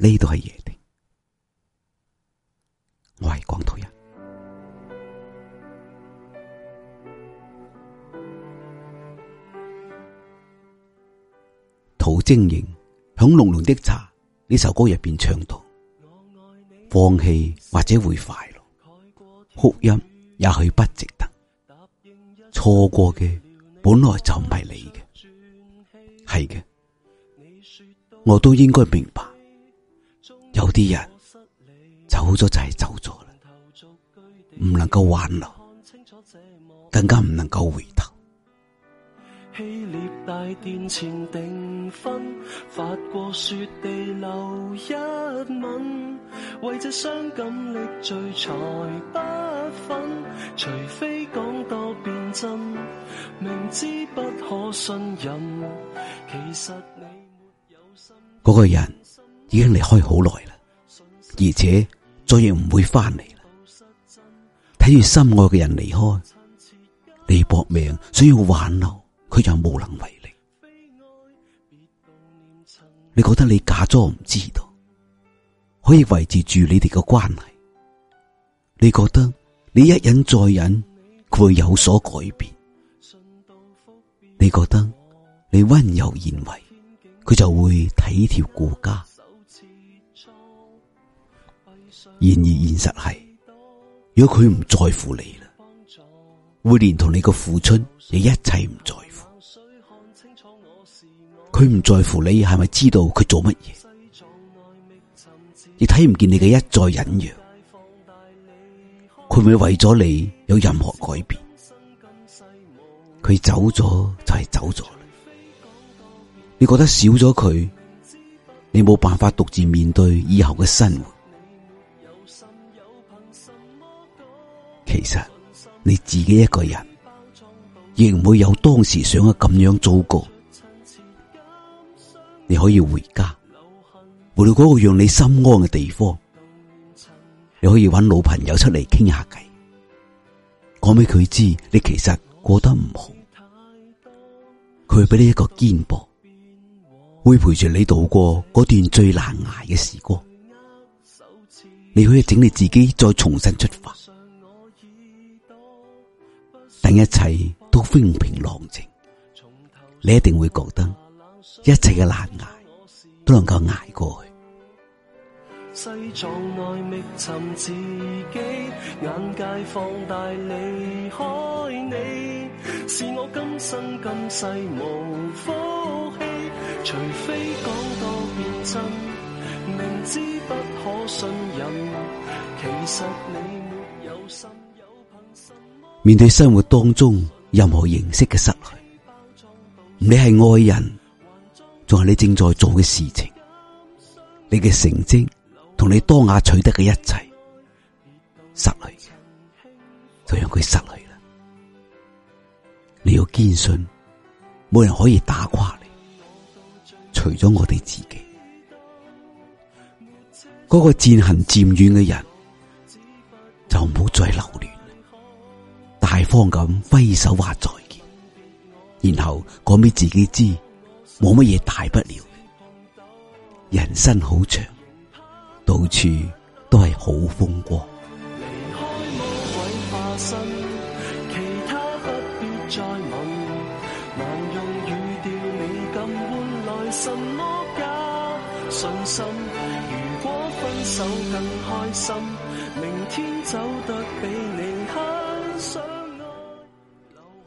呢度係夜店，我係廣土人。陶晶瑩響《濃濃的茶》呢首歌入邊唱到：放棄或者會快樂，哭泣也許不值得，錯過嘅本來就唔係你嘅，係嘅，我都應該明白。有啲人走咗就係走咗啦，唔能夠挽留，更加唔能夠回頭。嗰個人。已經離開好耐啦，而且再亦唔會翻嚟啦。睇住心愛嘅人離開，你搏命想要挽留，佢就無能為力。你覺得你假裝唔知道，可以維持住你哋嘅關係？你覺得你一忍再忍，佢會有所改變？你覺得你温柔賢惠，佢就會體貼顧家？然而現實係，如果佢唔在乎你啦，會連同你嘅付出，你一切唔在乎。佢唔在乎你係咪知道佢做乜嘢，你睇唔見你嘅一再忍讓。佢會為咗你有任何改變？佢走咗就係走咗啦。你覺得少咗佢，你冇辦法獨自面對以後嘅生活。其實你自己一個人亦唔會有當時想嘅咁樣做過。你可以回家，回到嗰個讓你心安嘅地方，你可以揾老朋友出嚟傾下偈，講俾佢知你其實過得唔好。佢俾你一個肩膊，會陪住你渡過嗰段最難挨嘅時光。你可以整理自己，再重新出發。等一切都風平浪靜，你一定會覺得一切嘅難挨都能夠挨過去。西藏內覓尋自己，眼界放大離開你，是我今生今世無福氣，除非講到變真，明知不可信任，其實你沒有心。面對生活當中任何形式嘅失去，唔理係愛人，仲係你正在做嘅事情，你嘅成績同你當下取得嘅一切失去，就讓佢失去啦。你要堅信，冇人可以打垮你，除咗我哋自己。嗰個漸行漸遠嘅人，就唔好再留。慌咁揮手話再見，然後講俾自己知冇乜嘢大不了，人生好長，到處都係好風光。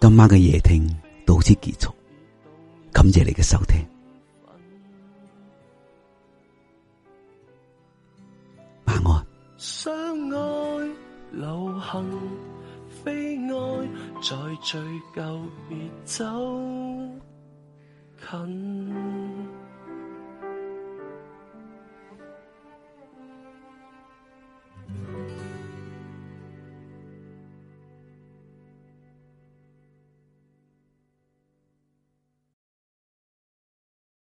今晚嘅夜聽到此結束，感謝你嘅收聽，晚安。